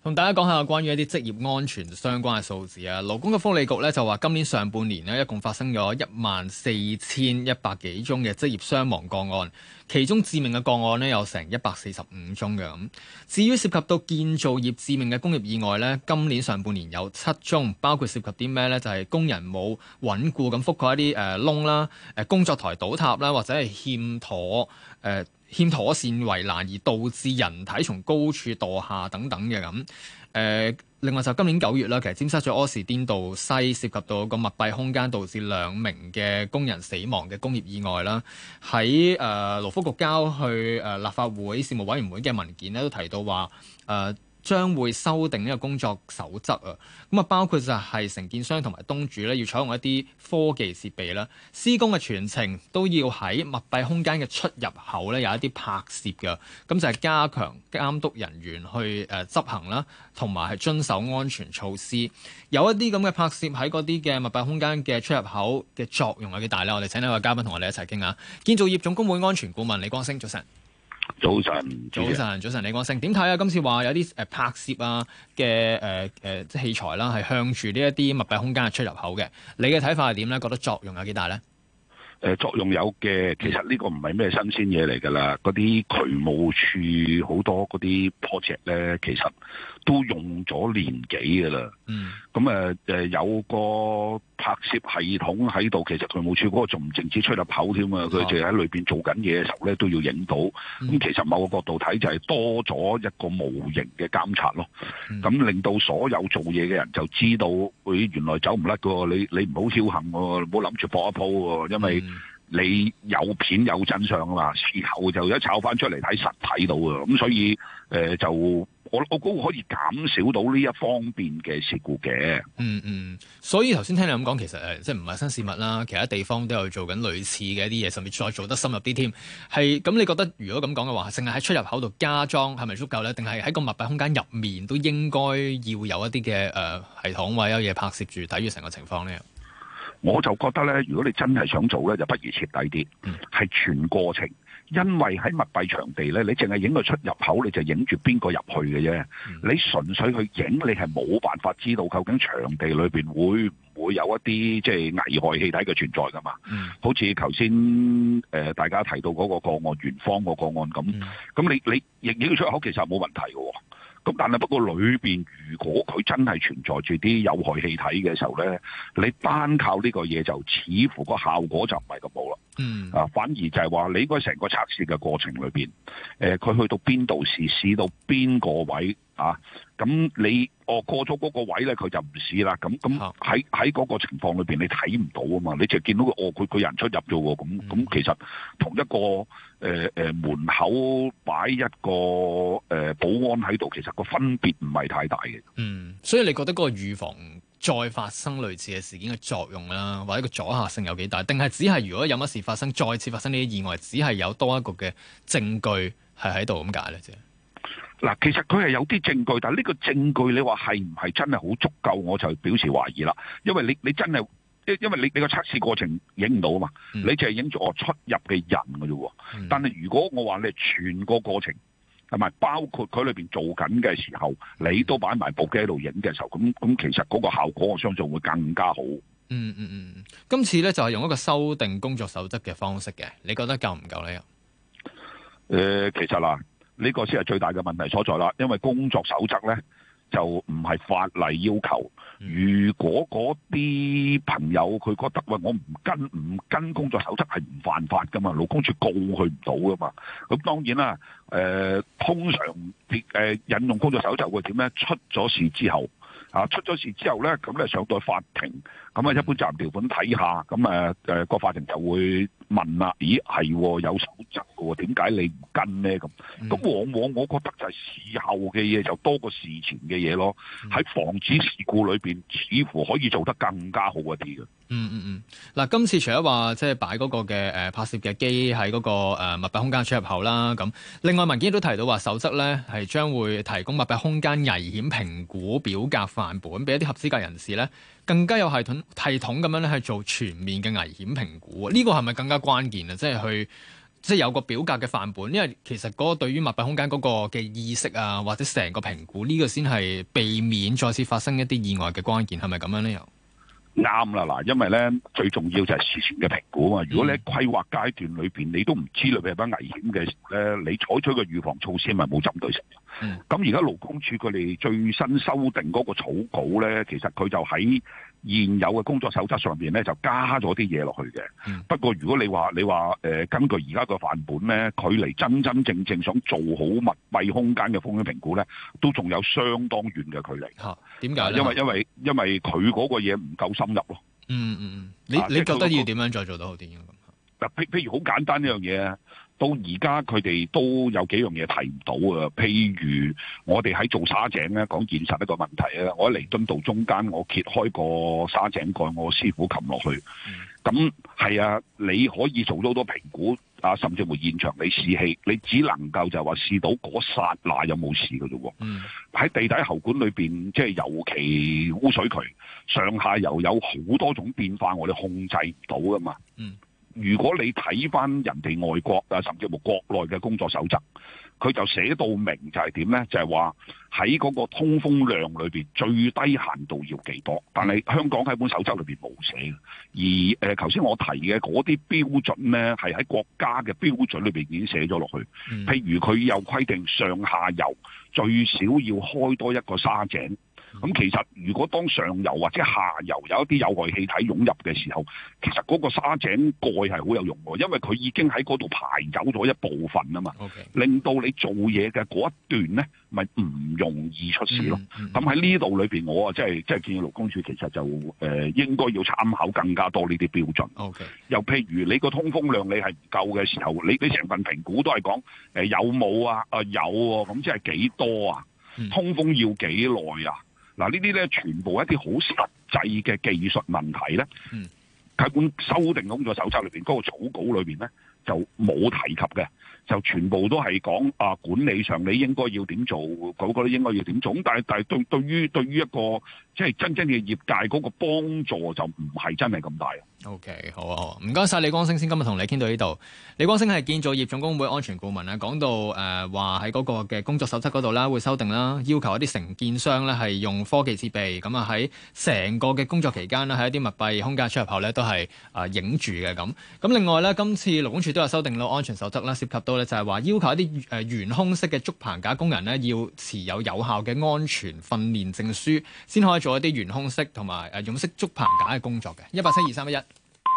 同大家講下關於一啲職業安全相關嘅數字啊，勞工嘅福利局咧，就話今年上半年呢一共發生咗一萬四千一百幾宗嘅職業傷亡個案，其中致命嘅個案呢有成一百四十五宗嘅咁。至於涉及到建造業致命嘅工業意外呢，今年上半年有七宗，包括涉及啲咩呢？就係、是、工人冇穩固咁覆蓋一啲誒窿啦，誒、呃、工作台倒塌啦，或者係欠妥誒。呃欠妥善為難而導致人體從高處墮下等等嘅，咁，誒、呃，另外就今年九月啦，其實尖沙咀柯士甸道西涉及到個密閉空間導致兩名嘅工人死亡嘅工業意外啦，喺誒勞福局交去誒、呃、立法會事務委員會嘅文件呢，都提到話誒。呃將會修訂呢個工作守則啊，咁啊包括就係承建商同埋東主咧，要採用一啲科技設備啦，施工嘅全程都要喺密閉空間嘅出入口咧有一啲拍攝嘅，咁就係加強監督人員去誒執行啦，同埋係遵守安全措施。有一啲咁嘅拍攝喺嗰啲嘅密閉空間嘅出入口嘅作用有幾大呢？我哋請呢位嘉賓同我哋一齊傾下。建造業總工會安全顧問李光昇，早晨。早晨，早晨，早晨，李光昇，點睇啊？今次話有啲誒拍攝啊嘅誒誒即器材啦，係向住呢一啲密閉空間嘅出入口嘅，你嘅睇法係點咧？覺得作用有幾大咧？誒、呃，作用有嘅，其實呢個唔係咩新鮮嘢嚟噶啦，嗰啲渠務署好多嗰啲 project 咧，其實。都用咗年幾㗎啦，咁誒誒有個拍攝系統喺度，其實勞工處嗰個仲唔淨止出入口添啊？佢仲喺裏邊做緊嘢嘅時候咧，都要影到。咁、嗯嗯、其實某個角度睇就係、是、多咗一個無形嘅監察咯。咁、嗯嗯、令到所有做嘢嘅人就知道，佢、哎、原來走唔甩嘅喎。你你唔好僥倖喎，唔好諗住搏一鋪喎、啊，因為你有片有真相啊嘛。事後就一炒翻出嚟睇，實睇到啊。咁、嗯、所以誒、呃、就。呃就呃就呃我我估可以減少到呢一方面嘅事故嘅。嗯嗯，所以頭先聽你咁講，其實誒，即係唔係新事物啦，其他地方都有做緊類似嘅一啲嘢，甚至再做得深入啲添。係咁，你覺得如果咁講嘅話，淨係喺出入口度加裝係咪足夠咧？定係喺個密閉空間入面都應該要有一啲嘅誒系統或者，話有嘢拍攝住，睇住成個情況呢？我就覺得咧，如果你真係想做咧，就不如徹底啲，係、嗯、全過程。因為喺密閉場地咧，你淨係影個出入口，你就影住邊個入去嘅啫。嗯、你純粹去影，你係冇辦法知道究竟場地裏邊會唔會有一啲即係危害氣體嘅存在噶嘛？嗯、好似頭先誒大家提到嗰個個案，圓方嗰個案咁。咁、嗯、你你影影出入口其實冇問題嘅喎、哦。咁但係不過裏邊如果佢真係存在住啲有害氣體嘅時候咧，你單靠呢個嘢就似乎個效果就唔係咁好啦。嗯、呃，啊，反而就係話你應該成個測試嘅過程裏邊，誒，佢去到邊度試，試到邊個位啊？咁你哦過咗嗰個位咧，佢就唔試啦。咁咁喺喺嗰個情況裏邊，你睇唔到啊嘛？你就見到佢哦佢個人出入咗喎。咁咁、嗯、其實同一個誒誒、呃呃、門口擺一個誒、呃、保安喺度，其實個分別唔係太大嘅。嗯，所以你覺得個預防？再發生類似嘅事件嘅作用啦，或者個阻嚇性有幾大？定係只係如果有乜事發生，再次發生呢啲意外，只係有多一個嘅證據係喺度咁解咧啫。嗱，其實佢係有啲證據，但係呢個證據你話係唔係真係好足夠，我就表示懷疑啦。因為你你真係，因為你你個測試過程影唔到啊嘛，嗯、你淨係影住我出入嘅人㗎啫。嗯、但係如果我話你係全個過程，係咪包括佢裏邊做緊嘅時候，嗯、你都擺埋部機喺度影嘅時候，咁咁其實嗰個效果，我相信會更加好。嗯嗯嗯，今次咧就係用一個修訂工作守則嘅方式嘅，你覺得夠唔夠呢？誒、呃，其實啦，呢、這個先係最大嘅問題所在啦，因為工作守則咧。就唔係法例要求。如果嗰啲朋友佢覺得喂，我唔跟唔跟工作守則，係唔犯法噶嘛，勞工處告佢唔到噶嘛。咁當然啦，誒、呃、通常誒、呃、引用工作守則，會點咧？出咗事之後啊，出咗事之後咧，咁、嗯、咧上到法庭，咁、嗯、啊一般責任條款睇下，咁誒誒個法庭就會問啦、啊。咦係有守則。點解你唔跟呢？咁咁、嗯、往往我覺得就係事後嘅嘢就多過事前嘅嘢咯。喺、嗯、防止事故裏邊，似乎可以做得更加好一啲嘅、嗯。嗯嗯嗯。嗱，今次除咗話即係擺嗰個嘅誒拍攝嘅機喺嗰個誒密閉空間出入口啦，咁另外文件都提到話守則咧係將會提供密閉空間危險評估表格範本，俾一啲合資格人士咧更加有系統系統咁樣咧去做全面嘅危險評估。呢、呢個係咪更加關鍵啊？即係去。即係有個表格嘅範本，因為其實嗰個對於密閉空間嗰個嘅意識啊，或者成個評估，呢個先係避免再次發生一啲意外嘅關鍵，係咪咁樣呢？又啱啦，嗱，因為咧最重要就係事前嘅評估啊！如果你喺規劃階段裏邊，你都唔知道裏邊有乜危險嘅時候咧，你採取嘅預防措施咪冇針對性。咁而家勞工處佢哋最新修訂嗰個草稿咧，其實佢就喺。現有嘅工作守則上邊咧，就加咗啲嘢落去嘅。嗯、不過如果你話你話誒、呃，根據而家個範本咧，距離真真正正想做好密閉空間嘅風險評估咧，都仲有相當遠嘅距離。嚇、啊，點解咧？因為因為因為佢嗰個嘢唔夠深入咯。嗯嗯嗯，你你覺得要點樣再做到好啲啊？嗱，譬譬如好簡單呢樣嘢啊！到而家佢哋都有幾樣嘢提唔到啊，譬如我哋喺做沙井咧，講現實一個問題啊。我喺彌敦道中間，我揭開個沙井蓋，我師傅撳落去，咁係、嗯、啊，你可以做到好多評估啊，甚至乎現場你試氣，你只能夠就話試到嗰剎那有冇事嘅啫喎。喺、嗯、地底喉管裏邊，即係尤其污水渠上下游有好多種變化，我哋控制唔到噶嘛。嗯如果你睇翻人哋外國啊，甚至乎國內嘅工作守則，佢就寫到明就係點呢？就係話喺嗰個通風量裏邊最低限度要幾多？但係香港喺本守則裏邊冇寫。而誒，頭、呃、先我提嘅嗰啲標準呢，係喺國家嘅標準裏邊已經寫咗落去。嗯、譬如佢有規定上下游最少要開多一個沙井。咁、嗯、其實，如果當上游或者下游有一啲有害氣體湧入嘅時候，其實嗰個沙井蓋係好有用喎，因為佢已經喺嗰度排走咗一部分啊嘛，Okay. 令到你做嘢嘅嗰一段咧，咪唔容易出事咯。咁喺呢度裏邊，我啊即係即係建議勞工處其實就誒、呃、應該要參考更加多呢啲標準。Okay. 又譬如你個通風量你係唔夠嘅時候，你啲成份評估都係講誒有冇啊？啊有啊，咁即係幾多啊？啊多啊 mm hmm. 通風要幾耐啊？嗱，呢啲咧全部一啲好實際嘅技術問題咧，喺、嗯、本修訂嘅工作手冊裏邊嗰、個草稿裏邊咧，就冇提及嘅，就全部都係講啊，管理上你應該要點做，嗰個咧應該要點做。但係但係對對於對於一個即係真正嘅業界嗰個幫助就唔係真係咁大。OK，好啊，好，唔該晒李光昇，先今日同你傾到呢度。李光昇係建造業總工會安全顧問啦，講到誒話喺嗰個嘅工作手冊嗰度啦，會修訂啦，要求一啲承建商咧係用科技設備，咁啊喺成個嘅工作期間咧喺一啲密閉空間出入口咧都係啊影住嘅咁。咁另外咧，今次勞工處都。今日修訂到安全守則咧，涉及到咧就係話要求一啲誒懸空式嘅竹棚架工人咧，要持有有效嘅安全訓練證書，先可以做一啲懸空式同埋誒懸式竹棚架嘅工作嘅。一八七二三一一。